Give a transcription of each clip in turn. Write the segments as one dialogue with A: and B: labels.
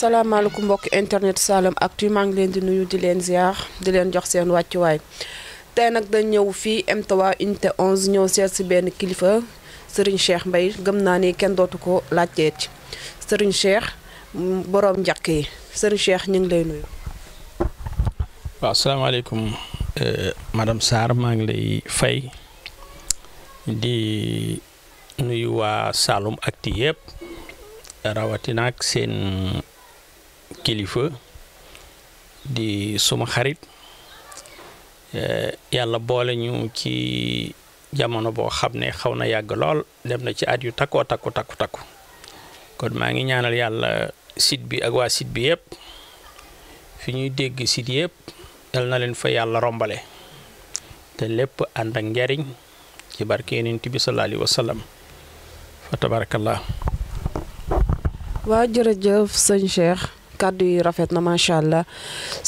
A: salaamaaleykum mbokk internet Saloum Actu maa ngi leen di nuyu di leen ziar di leen jox seen wàccuwaay tey nag dañ ñëw fii M3 unité 11 ñëw seet si benn kilifa sëriñ Cheikh mbay gëm naa ni kenn dootu ko laajteeti sëriñ Cheikh borom njàkk yi Serigne Cheikh ñu ngi lay nuyu.
B: waaw salaamaaleykum euh, madame Sarr maa ngi lay fay di nuyu waa Saloum Actu seen kilifa di suma xarit eh, yàlla boole ñu ci jamono boo xam ne xaw na yàgg lool dem na ci at yu takkoo takku takku takku kon maa ngi ñaanal yàlla site bi ak waa site bi yëpp fi ñuy dégg site yëpp yal na leen fa yàlla rombale te lépp ànd ak njariñ ci barke Yonent bi sallallahu alayhi
A: waa jërëjëf sëñ Cheikh kàddu yi rafet na macha allah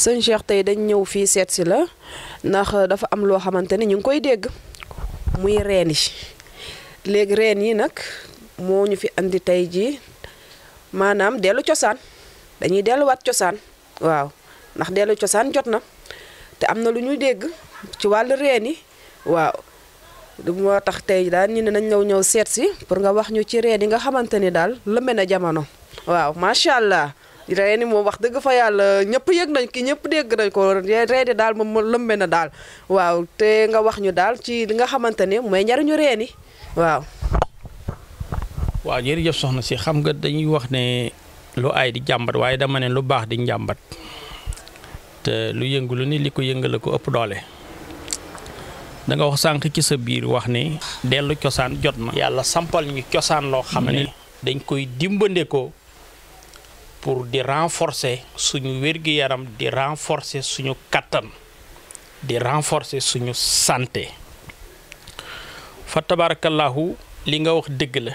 A: sëñ Cheikh tey dañ ñëw fii seet la ndax dafa am loo xamante ñu koy dégg muy reen leg reen yi nag moo ñu fi andi tey jii maanaam dellu cosaan dañuy wat cosaan waaw ndax dellu cosaan jot na te am na lu ñuy dégg ci wàllu reen yi waaw moo tax tey daal ñu nañ ñëw ñëw seet pour nga wax ñu ci reen nga xamante ni daal lëmbe na jamono waaw macha reeni moom wax dëgg fa yàlla ñëpp yëg nañ ki ñëpp dégg nañ ko reede daal moom lëmbe na dal. waaw te nga wax ñu daal ci li nga xamante ne mooy njariñu reeni waaw
B: waaw jërëjëf soxna si xam nga dañuy wax ne lu ay di jàmbat waaye dama ne lu baax di njàmbat te lu yëngu lu ni li ko yëngale ko ëpp doole da nga wax sànq ci sa biir wax ne dellu cosaan jot na yàlla sampal ñu cosaan loo xam ne mm-hmm. dañ koy dimbandekoo pour di renforcer suñu wérgu yaram di renforcer suñu katan di renforcer suñu santé fa tabarakallah li nga wax deug la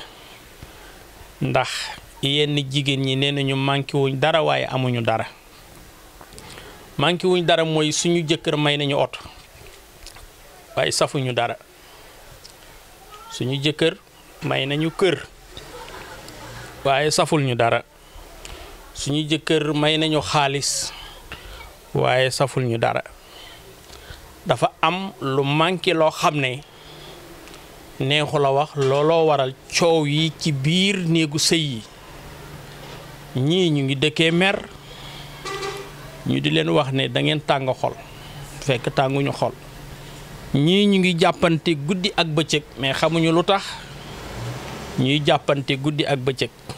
B: ndax yenn jigen ñi ñu manki wuñ dara way amuñu dara manki wuñ dara moy suñu jëkkeur may nañu auto way safuñu dara suñu jëkkeur may nañu kër waye saful ñu dara suñu jëkkër may nañu xaaliss waye saful ñu dara dafa am lu manki lo xamne ne neexu la wax lolo waral ciow yi ci biir neegu sey yi ñu ngi dekké mer ñu di leen wax ne da ngeen tang xol fekk ñu xol ñi ñu ngi jappanté guddii ak bëccëg mais xamuñu lu tax ñuy jàppante ak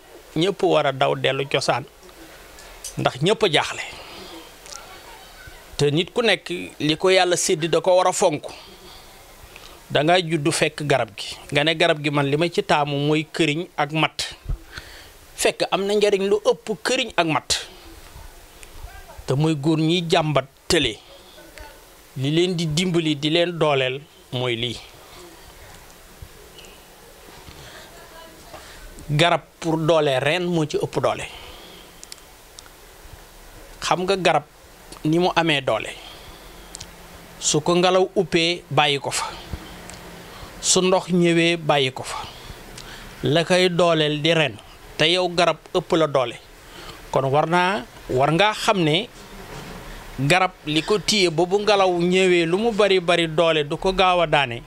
B: ñëpp war a daw dellu cosaan ndax ñépp a jaaxle te nit ku nekk li ko yàlla séddi da ko war a fonk da nga juddu fekk garab gi nga ne garab gi man li ma ci taamu mooy këriñ ak matt fekk am na njariñ lu ëpp këriñ ak matt te mooy góor ñiy jàmbat tële li leen di dimbali di leen dooleel mooy lii garab pour doole ren mo ci upp doole xam nga garab ni mu amé doole su ko ngalaw uppé bayiko fa su ndox ñëwee bayiko fa la kay dolel di ren te yow garab upp la doole kon warna war nga xamné garab liko ko téye bu lu mu bari bari doole du ko gawa daané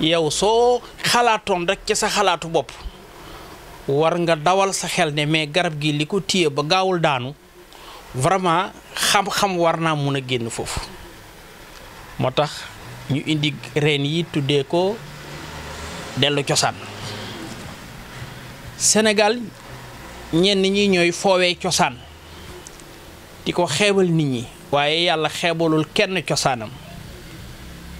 B: yow so xalaatoon rek ci sa xalaatu bop war nga dawal sa xel ne mais garab gi li ko téye ba gaawul daanu vraiment xam-xam war naa mun a génn foofu moo tax ñu indi reen yi tuddee ko dellu cosaan senegal ñenn ñi ñooy foowee cosaan di ko xeebal nit ñi waaye yàlla xeebalul kenn cosaanam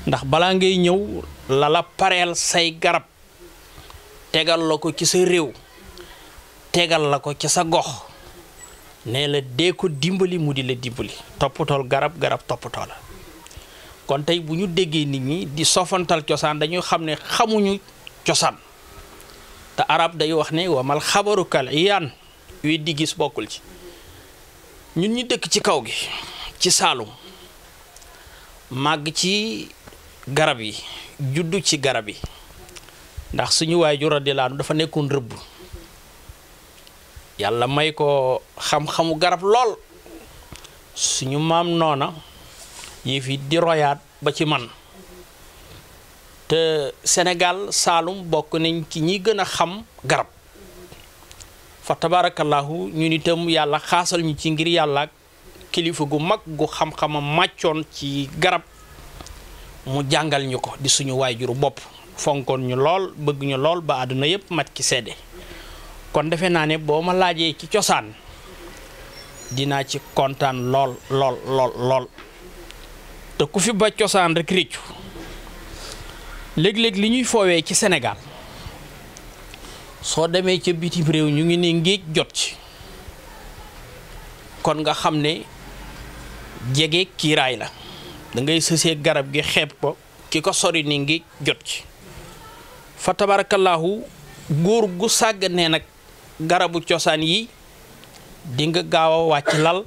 B: ndax balaa ngay ñëw lala la pareel say garab tegal la ko ci sa réew tegal la ko ci sa gox nee la de ko dimbali mudi la dimbali topotol garab garab topotol kon tay buñu nit ñi di sofantal ciosan dañuy xamné xamuñu ciosan Ta arab day wax wa mal khabaru kal iyan wi di gis bokul ci ñun ñi dëkk ci kaw gi ci saalum mag ci garab yi juddu ci garab yi ndax suñu wayju radhiyallahu dafa nekkun yalla may ko xam-xamu garab lol suñu mam nona yi di royat ba ci man te senegal salum bokk nañ ci ñi gëna xam garab fa ñu ni itam yalla xassal ñu ci ngir yalla gu mag gu xam-xama maccion ci garab mu jangal ñuko di suñu wayjuru bop nyolol, ñu lol bëgg ñu lol ba aduna yëpp mat ki sédé kon defe naa ne boo ma laajee ci cosaan dinaa ci kontaan lool lool lool te ku fi ba cosaan rek réccu léeg-léeg li ñuy foowee ci Sénégal soo demee ca bitim réew ñu ngi ne ngéej jot ci kon nga xam ne jege kiiraay la da ngay sësee garab gi xeeb ko ki ko sori ni ngéej jot ci fa tabarakallahu góor gu sàgganee nag garabu cosaan yi dinga nga gaaw a wàcc lal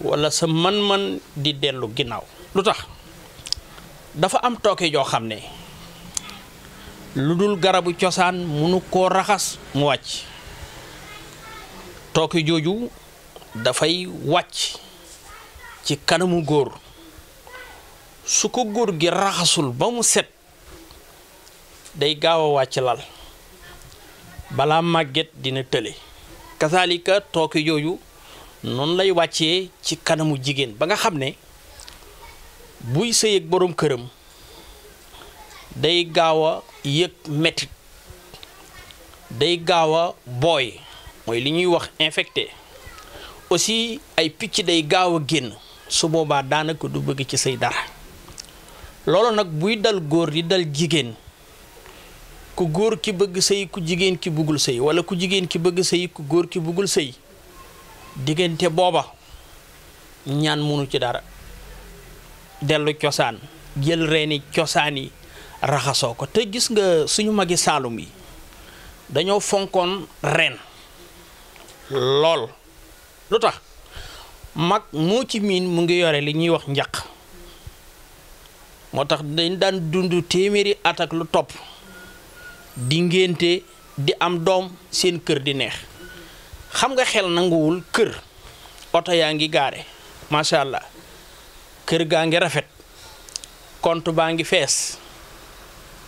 B: wala sa man man di dellu ginnaaw lu tax dafa am tooke joo xam ne lu dul garabu cosaan munu koo raxas mu wàcc tooke jooju dafay wàcc ci kanamu góor su ko góor gi raxasul ba mu set day gaaw a wàcc lal balaa màgget dina tële kasaalika tooke yooyu noonu lay wàccee ci kanamu jigéen ba nga xam ne buy sëy ak boroom këram day gaaw a yëg mettit day gaaw a booy mooy li ñuy wax infecté aussi ay picc day gaaw a génn su boobaa daanaka du bëgg ci say dara loolu nag buy dal góor di dal jigéen ku góor ki bëgg sey ku jigen ki bëggul sey wala ku jigen ki bëgg sey ku góor ki bëggul sey digënté boba ñaan mënu ci dara delu ciosan jël reeni cosaan yi ko te gis nga suñu magi salum yi dañu fonkon ren lol lutax mak mo ci min mu ngi yore li ñuy wax ñak motax dañ dan dundu téméri atak lu top di ngénte di am doom seen kër di neex xam nga xel nanguwul kër oto yaa ngi gaare macha allah kër gaa ngi rafet kont baa ngi fees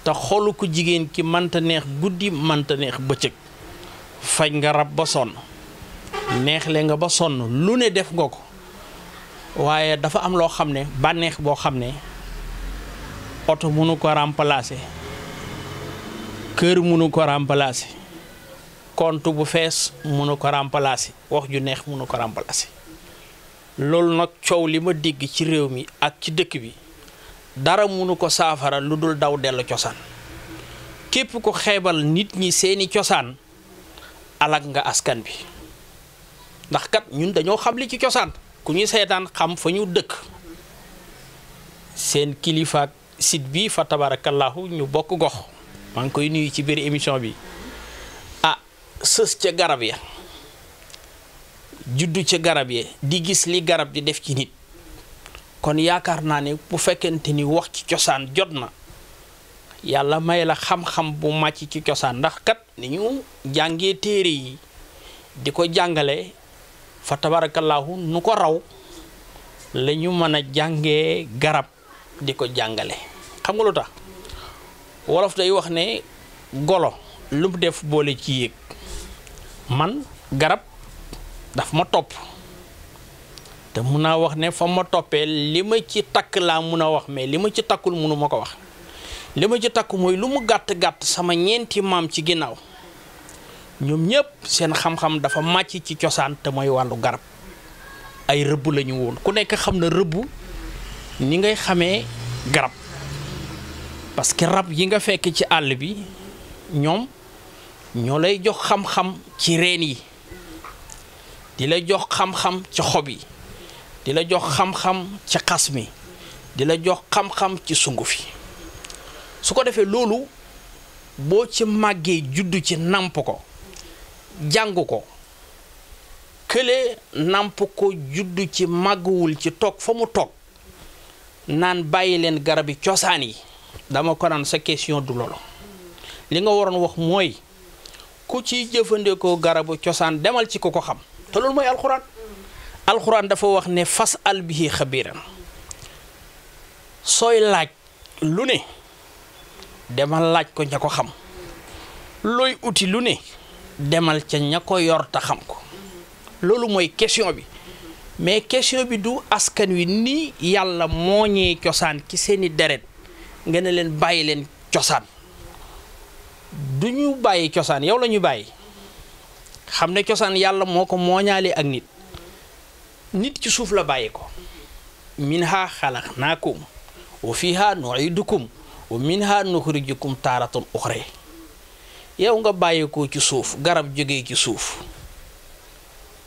B: te xolu ko jigéen ki mënta neex guddi mënta neex bëccëg faj nga rab ba sonn neexle nga ba sonn lu ne def nga ko waaye dafa am loo xam ne bànneex boo xam ne oto mënu ko remplacer. kër mënu ko remplacer kont bu fees mënu ko ràmpalaasi wax ju neex mënu ko remplacer loolu nag coow li ma dégg ci réew mi ak ci dëkk bi dara mënu ko saafara lu dul daw dellu cosaan képp ku xeebal nit ñi seeni cosaan alag nga askan bi ndax kat ñun dañoo xam li ci cosaan ku ñu seetaan xam fa ñu dëkk seen kilifaak sit bi fa tabarakallahu ñu bokk gox maa ngi koy nuyu ci biir émission bi ah sës ca garab ya juddu ca garab ya di gis li garab di def ci nit kon yaakaar naa ne bu fekkente ni wax ci cosaan jot na yàlla may la xam-xam bu màcc ci cosaan ndax kat ni ñu jàngee téere yi di ko jàngale fa tabarakallahu nu ko raw lañu ñu mën a jàngee garab di ko jàngale xam nga tax wolof day wax ne golo lu mu def boole ci yéeg man garab dafa ma topp te mun naa wax ne fa ma toppee li ma ci takk laa mun a wax mais li ma ci takkul munu ko wax li ma ci takk mooy lu mu gàtt gàtt sama ñeenti maam ci ginnaaw ñoom ñëpp seen xam-xam dafa màcc ci cosaan te mooy wàllu garab ay rëbb lañu woon ku nekk xam na rëbb ni ngay xamee garab parce que rab yi nga fekk ci àll bi ñoom ñoo lay jox xam-xam ci reen yi di la jox xam-xam ci xob yi di la jox xam-xam ci xas mi di la jox xam-xam ci sunguf yi su ko defee loolu boo ci màggee juddu ci nàmp ko jàng ko kële nàmp ko juddu ci màgguwul ci toog fa mu toog naan bàyyi leen garabi cosaan yi dama ko naan sa question du loolu li nga waroon wax mooy ku ci jëfandikoo garabu cosaan demal ci ko ko xam te loolu mooy alxuraan alxuraan dafa wax ne fas al bihi xabiran sooy laaj lu ne demal laaj ko ña ko xam looy uti lu ne demal ca ña ko yor te xam ko loolu mooy question bi mais question bi du askan wi ni yàlla moo mooñee cosaan ci seeni deret nga leen bàyyi leen cosaan du ñu bàyyi cosaan yow lañu bàyyi xam ne cosaan yàlla moo ko mooñaale ak nit nit ci suuf la bàyyi ko minha xalaqnaakum wa fiha nuidukum wa minha nuxrijukum taaratan uxra yow nga bàyyeekoo ci suuf garab jóge ci suuf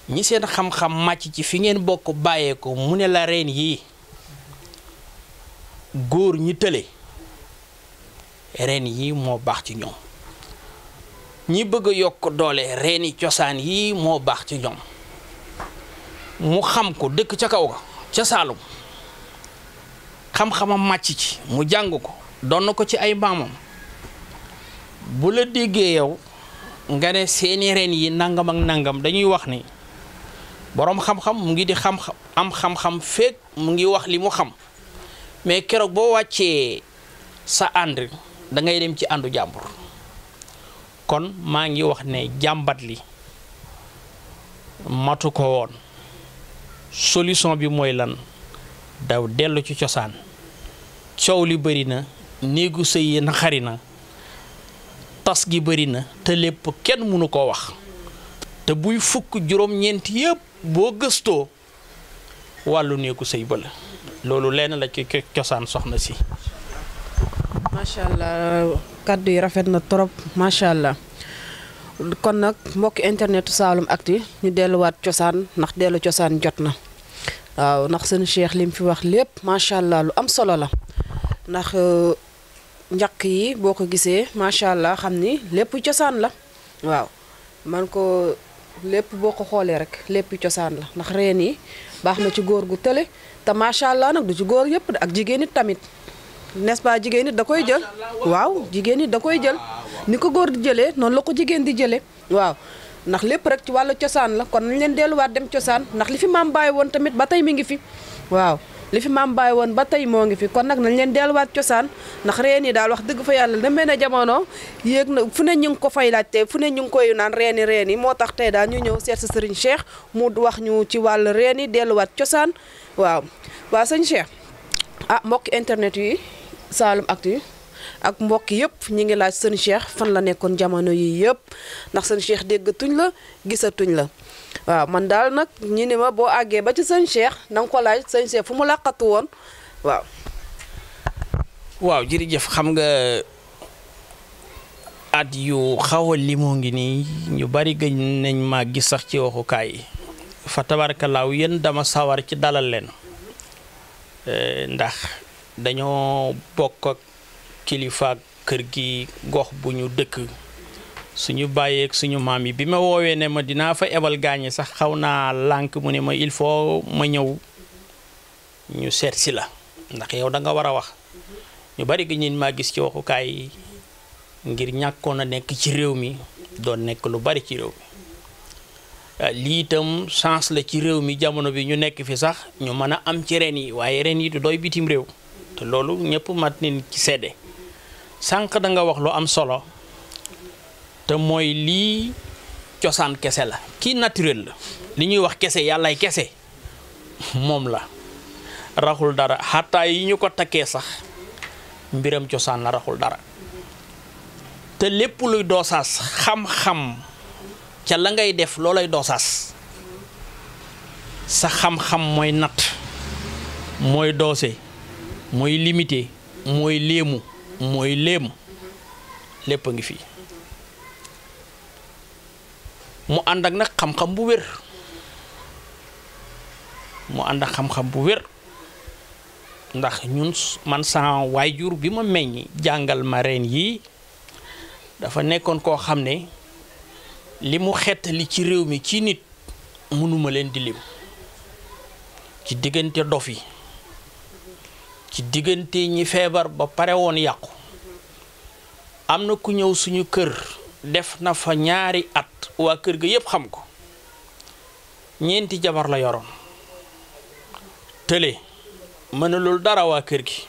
B: ñi seen xam-xam màcc ci fi ngeen bokk bàyyee ko mu ne la reen yii góor ñi tële reen yi moo baax ci ñoom ñi bëgg a yokk doole reeni cosaan yi moo baax ci ñoom mu xam ko dëkk ca kaw ga ca Saalum xam-xamam màcc ci mu jàng ko donn ko ci ay maamam bu la déggee yow nga ne seeni reen yi nangam ak nangam dañuy wax ni boroom xam-xam mu ngi di xam am xam-xam feeg mu ngi wax li mu xam mais keroog boo wàccee sa ànd da ngay dem ci andu jambour kon mangi ngi wax ne jambat li matu ko woon solution bi moy lan daw delu ci ciosan ciow li beuri na negu sey na xarina tas gi beuri na te lepp kenn munu ko wax te buy fukk jurom ñent yeb bo gesto walu negu sey la loolu la ci ciosan soxna si
A: macha allah kàddu yi rafet na trop macha allah kon nag mbokk internetu Saloum Actu ñu delluwaat cosaan ndax dellu cosaan jot na waaw ndax seen cheikh lim fi wax lépp macha allah lu am solo la ndax euh, njaq yi boo ko gisee macha allah xam ni lépp cosaan la waaw man ko lépp boo ko xoolee rek lépp cosaan la ndax reen yi baax na ci góor gu tële te macha allah nag du ci góor yëpp ak jigéen tamit. n'est-ce jigéen nit da koy jël waaw jigéen nit da koy jël ni ko góor di jëlee noonu la ko jigéen di jëlee waaw ndax lépp rek ci wàll cosaan la kon nañ leen delluwaat dem cosaan ndax li fi maam bàyyi woon tamit ba tey mi ngi fi waaw li fi maam bàyyi woon ba tey moo ngi fi kon nag nañ leen delluwaat cosaan ndax reen yi daal wax dëgg fa yàlla na mel ne jamono yéeg na fu ne ñu ngi ko fay laajte fu ne ñu ngi koy naan reen yi reen yi moo tax tey daal ñu ñëw seet si Serigne Cheikh mu wax ñu ci wàll reen yi delluwaat cosaan waaw waaw sëñ Cheikh ah mbokk internet yi Saloum Actu ak mbokk yëpp ñi ngi laaj seen Cheikh fan la nekkoon jamono yi yëpp ndax seen Cheikh tuñ la gisatuñ la waaw man daal nag ñi ne ma boo àggee ba ci seen Cheikh na nga ko laaj seen Cheikh fu mu làqatu woon waaw.
B: waaw jërëjëf xam nga at yu xaw a limoo ngi ni ñu bari gëj nañ maa gis sax ci waxukaay yi fa tabarkalaaw yéen dama sawar ci dalal leen eh, ndax dañoo bokk ak kilifaak kër gi gox bu dëkk suñu bàyyeeg suñu maam ne ma dinaa fa ebal gaañi sax xaw naa mu ne ma il faut ma ñëw ñu seet si la ndax yow da nga war wax ñu bari gi ñin maa gis ci waxukaay yi ngir ñàkkoon a nekk ci réew mi doon nekk lu bari ci réew mi ah, lii itam chance la ci réew mi jamono bi ñu nekk fi sax ñu mën am ci ren yi waaye du doy bitim te loolu ñepp mat nin ci seede sank da nga wax lu am solo te moy li ciosan kessé la ki naturel la li ñuy wax kese ay kessé mom la raxul dara Hatta yi ñu ko takkee sax mbiram ciosan la raxul dara te lepp luy dosas xam-xam ca la ngay def lolay dosas sa xam-xam moy nat moy dosé mooy limité mooy léemu mooy léem lépp a ngi fii mu ànd ak nag xam-xam bu wér mu ànd ak xam-xam bu wér ndax ñun man sama waajur bi ma meññ jàngal ma reen yii dafa nekkoon koo xam ne li mu xettali ci réew mi ci nit mënuma leen di lim ci diggante dof yi ci diggante ñi feebar ba pare woon yàqu am na ku ñëw suñu kër def na fa ñaari at waa kër ga yépp xam ko ñeenti jabar la yoroon tële mënalul dara waa kër gi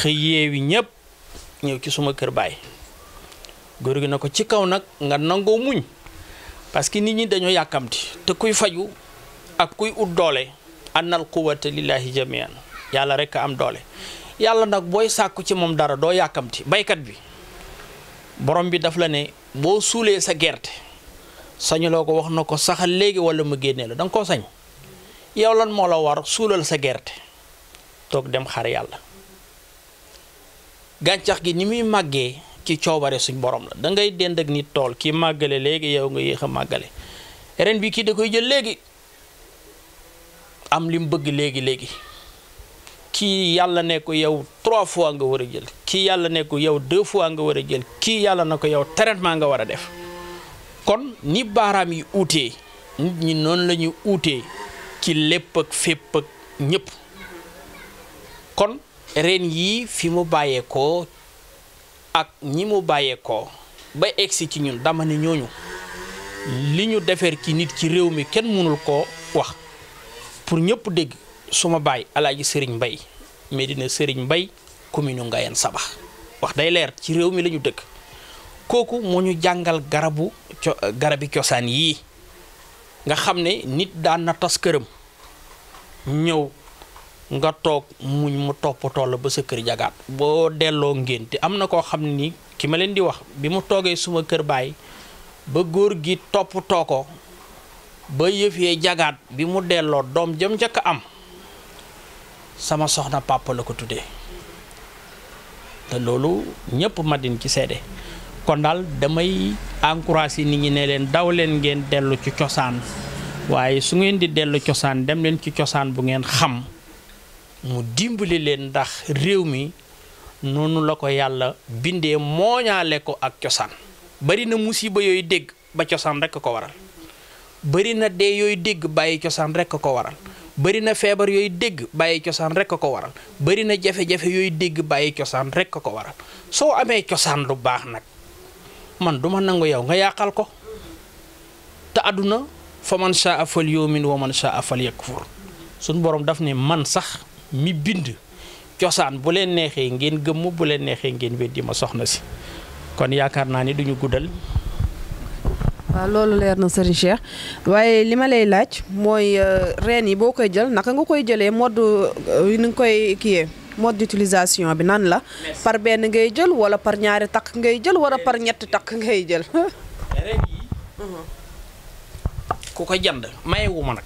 B: xëyee yeewi ñépp ñëw ci suma kër baay góor gi na ko ci kaw nag nga nangoo muñ parce que nit ñi dañoo yàkkamti te kuy faju ak kuy ut doole annal quwwata lillahi jamian yàlla rek a am doole yàlla nag booy sàkku ci moom dara doo yàkkamti baykat bi borom bi daf la ne boo suulee sa gerte sañuloo ko wax na ko saxal léegi wala mu génnee la danga koo sañ yow lan moo la war suulal sa gerte toog dem xar yàlla gàncax gi ni muy màggee ci coobare suñ borom la dangay dend ak nit tool kii màggale léegi yow nga yéex a màggale reen bi kii da koy jël léegi am li mu bëgg léegi léegi. kii yàlla ne ko yow trois fois nga war a jël kii yàlla ne ko yow deux fois nga war a jël kii yàlla na ko yow traitement nga war a def kon ni baaraam yi uutee ñi noonu la ñu uutee ci lépp ak fépp ñëpp kon reen yii fi mu bàyyeekoo ak ñi mu bàyyeekoo ba egsi ci ñun dama ne ñooñu li ñu defar ci nit ci réew mi kenn mënul koo wax pour ñëpp dégg suma baay Alaaji Sëriñ Mbay medina Serigne mbay commune ngayen sabah wax day leer ci rew mi lañu dëkk koku moñu jangal garabu garabi kiosan yi nga xamne nit da na tas kërëm ñew nga tok muñ mu toppatoo la ba sa kër jagaat bo delloo ngénte am na koo xam ne ki ma di wax bi mu toge suma kër bay ba gi toppatoo ko ba yef ye jagaat bi mu delloo dom jëm jëk am sama soxna papa lako ko té lolu ñepp madin ci sédé kon dal damay encourager nit ñi né leen daw leen ngeen déllu ci waye su ngeen di déllu cosaan dem leen ci ham. bu ngeen xam mu dimbali leen ndax réew mi nonu lako ko bindé moñalé ko ak cosaan bari na musiba yoy dégg ba cosaan rek ko waral bari na dé yoy dégg baye cosaan rek ko waral bëri na feebar yooyu dégg bàyyi cosaan rek a ko waral bëri na jafe-jafe yooyu dégg bàyyi cosaan rek a ko waral soo amee cosaan lu baax nag man duma nangu yow nga yàqal ko te àdduna fa man saa afal yoomin wa man saa afal yakfur suñ borom daf ne man sax mi bind cosaan bu leen neexee ngeen gëmm bu leen neexee ngeen weddi ma soxna si kon yaakaar naa ni duñu guddal
A: waaw loolu leer na sëriñ Cheikh waaye li ma lay laaj mooy euh, reen yi boo koy jël naka nga koy jëlee mode euh, ni nga koy kiyee mode d'utilisation bi nan la par benn ngay jël wala par ñaari takk ngay jël wala par ñetti takk ngay jël reen uh-huh.
B: ku ko jënd mayewu ma nag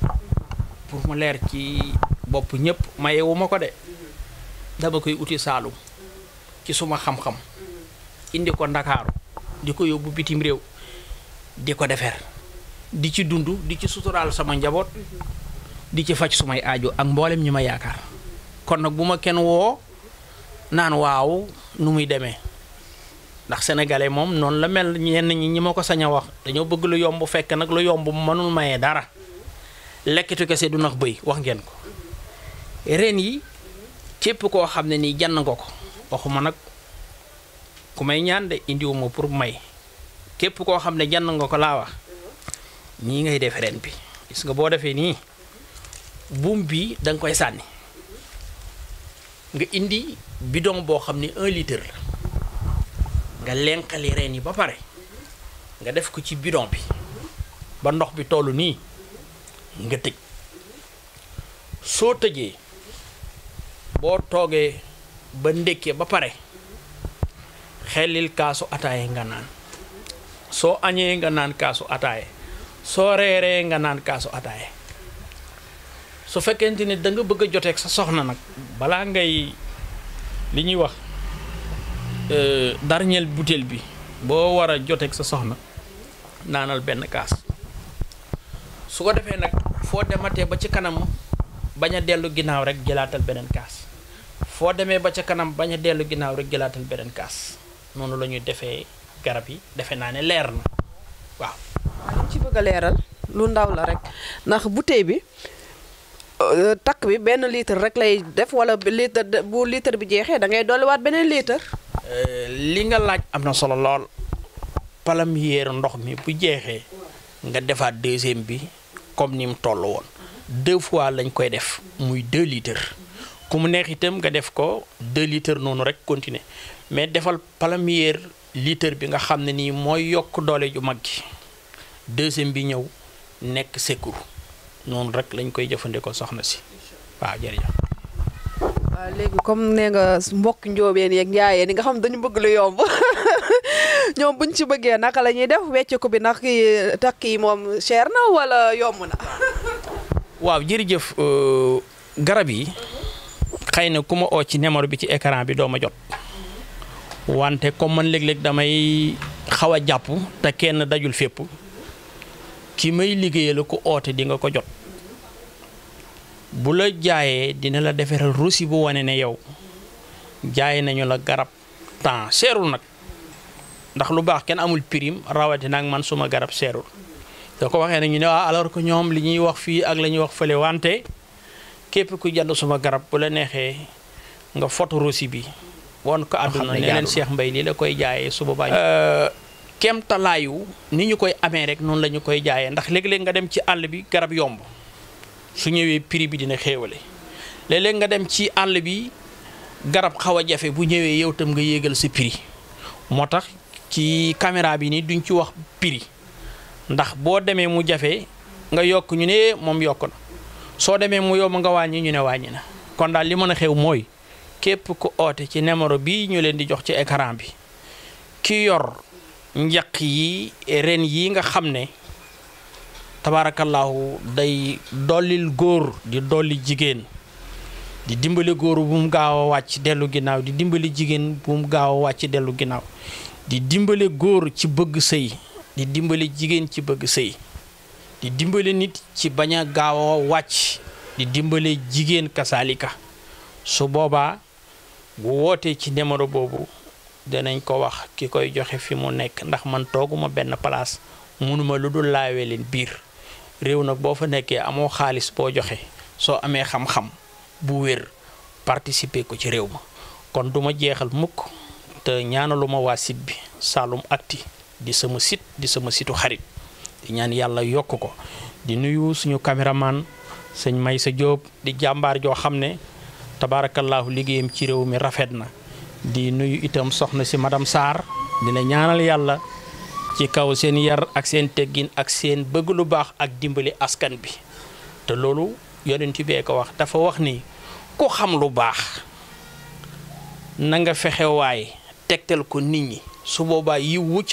B: pour mu leer ci bopp ñëpp mayewu ma ko de uh-huh. dama koy uti Saalum ci suma xam-xam uh-huh. indi ko Ndakaaru di ko yóbbu bitim réew di ko defar di ci dund di ci suturaal sama njaboot di ci faj sumay aajo ak mboolem ñi ma yaakaar kon nag bu ma kenn woo naan waaw nu muy demee ndax sénégalais moom noonu la mel ñenn ñi ñi ma ko sañ a wax dañoo bëgg lu yomb fekk nag lu yomb mënul mayee dara lekkitu kese du nax bëy wax ngeen ko ren yi képp koo xam ne nii jan nga ko waxuma nag ku may ñaan de indiwuma pour may képp koo xam ne jënd nga ko laa wax nii ngay def ren bi gis nga boo defee nii buum bi danga koy sànni nga indi bidon boo xam ne un litre la nga lenqali reen yi ba pare nga def ko ci bidon bi ba ndox bi toll nii nga tëj soo tëjee boo toogee ba ndékkee ba pare xellil kaasu ataaya nga naan soo añee nga naan kaasu ataaye soo reeree nga naan kaasu ataaye su fekkente ni da nga bëgg a joteeg sa soxna nag balaa ngay li ñuy wax euh, dernier butéel bi boo war a joteeg sa soxna naanal benn kaas su ko defee nag foo dematee ba ci kanam bañ a dellu ginnaaw rek jëlaatal beneen kaas foo demee ba ca kanam bañ a dellu ginnaaw rek jëlaatal beneen kaas noonu la ñuy defee. garab yi defe naa ne leer na waaw.
A: waaw ci bëgg leeral lu ndaw la rek ndax bouteille bi euh, takk bi benn litre rek lay def wala litre bu litre bi jeexee da ngay dolliwaat beneen litre.
B: Euh, li nga laaj am na solo lool palam ndox mi bu jeexee nga defaat deuxième bi comme ni mu toll woon deux fois lañ koy def muy deux litres ku mu neex itam nga def ko deux litres noonu rek continuer mais defal palam litre bi nga xam ne nii mooy yokk doole ju mag gi deuxième bi ñëw nekk secours noonu rek lañ koy jëfandikoo soxna si waaw jërëjëf.
A: waaw léegi comme nee nga mbokk njóobeen yeeg njaayeen yi nga xam dañu bëgg lu yomb ñoom buñ ci bëggee naka la def wecceku bi nag takk yi moom cher na wala yomb na.
B: waaw jërëjëf euh, garab yi xëy na ku ma oo ci numéro bi ci écran bi doo ma jot. wante comme man léeg-léeg damay xaw a jàpp te kenn dajul fépp ki may liggéeyalu ko oote di nga ko jot bu la jaayee dina la defaral rosi bu wane ne yow jaay nañu la garab temps seerul nag ndax lu baax kenn amul prime rawatina man suma garab seerul da ko waxee ne ñu ne waa ah, alors que ñoom li ñuy wax fii ak la ñuy wax fële wante képp ku jand suma garab bu la neexee nga foto rosi bi woon ko àdduna ne leen Cheikh Mbaye lii la koy jaayee su boobaa euh, kem ni ñu koy amee rek noonu lañu koy jaayee ndax léeg-léeg nga dem ci àll bi garab yomb su prix bi dina xéewale léeg nga dem ci àll bi garab xaw a jafe bu ñëwee yow tam nga yéegal si prix moo tax ci caméra bi nii duñ ci wax prix ndax boo demee mu jafe nga yokk ñu ne moom yokk na soo demee mu yomb nga wàññi ñu ne wàññi na kon daal li mën a xew mooy Kepu ku oote ci numéro bi ñu leen di jox ci écran bi ki yor ñiak yi ren yi nga gur tabarakallah day dolil di doli jigen di dimbali gur bu mu gaaw wacc delu ginaaw di dimbali jigen bu mu gaaw wacc delu ginaaw di dimbali gur ci bëgg sey di dimbali jigen ci bëgg sey di dimbali nit ci baña gaaw wacc di dimbali jigen kasalika. su boba bu wootee ci numéro boobu danañ ko wax ki koy joxe fi mu nekk ndax man tooguma benn place mënuma lu dul laawee leen biir réew nag boo fa nekkee amoo xaalis boo joxe soo amee xam-xam bu wér participer ko ci réew ma kon duma jeexal mukk te ñaanaluma waa sit bi Saloum Actu di sama sit di sama situ xarit di ñaan yàlla yokk ko di nuyu suñu caméraman sëñ sa Diop di jàmbaar joo xam ne Tabarakallah ligeyam ci rew mi rafetna di nuyu itam soxna ci madame sar di ñaanal yalla ci kaw seen yar ak seen teggin ak seen bëgg lu baax ak dimbali askan bi te lolu yonenti be ko wax dafa wax ni ku xam lu baax na nga fexé way tektel ko nit ñi su boba yi nit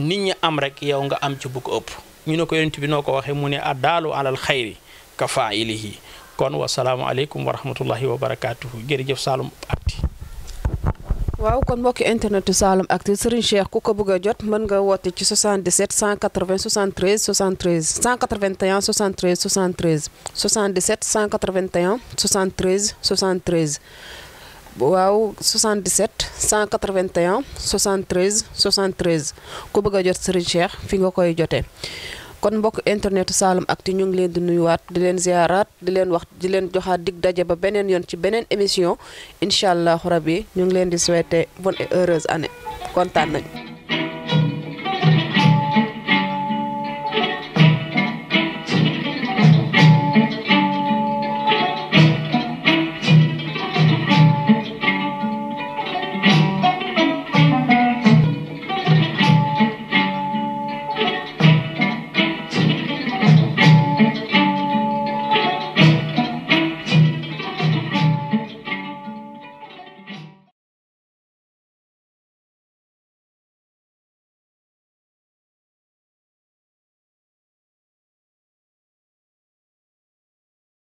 B: ñi am rek yow nga am ci bu ko upp ñu ne ko yonenti bi noko waxe mu ne adalu alal khairi kafa ilihi kon wasalaamualeykum wa rahmatullahi wa barakaatuhu jërëjëf Saloum
A: Actu kon mbokki internetu salom Actu Serigne Cheikh ku ko bëgg a jot man nga woote ci 77 180 73 73 181 73 73 77 181 73 73 waaw 77 181 73 73 ku bëgg jot Serigne Cheikh fi nga koy jotee. kon mbokk internet ak Actu ñu ngi leen di nuyuwaat di leen ziaraat di leen wax di leen joxaat dig daje ba beneen yoon ci beneen émission incha allah yi ñu ngi leen di souhaiter bonne et heureuse année kontaan nañu.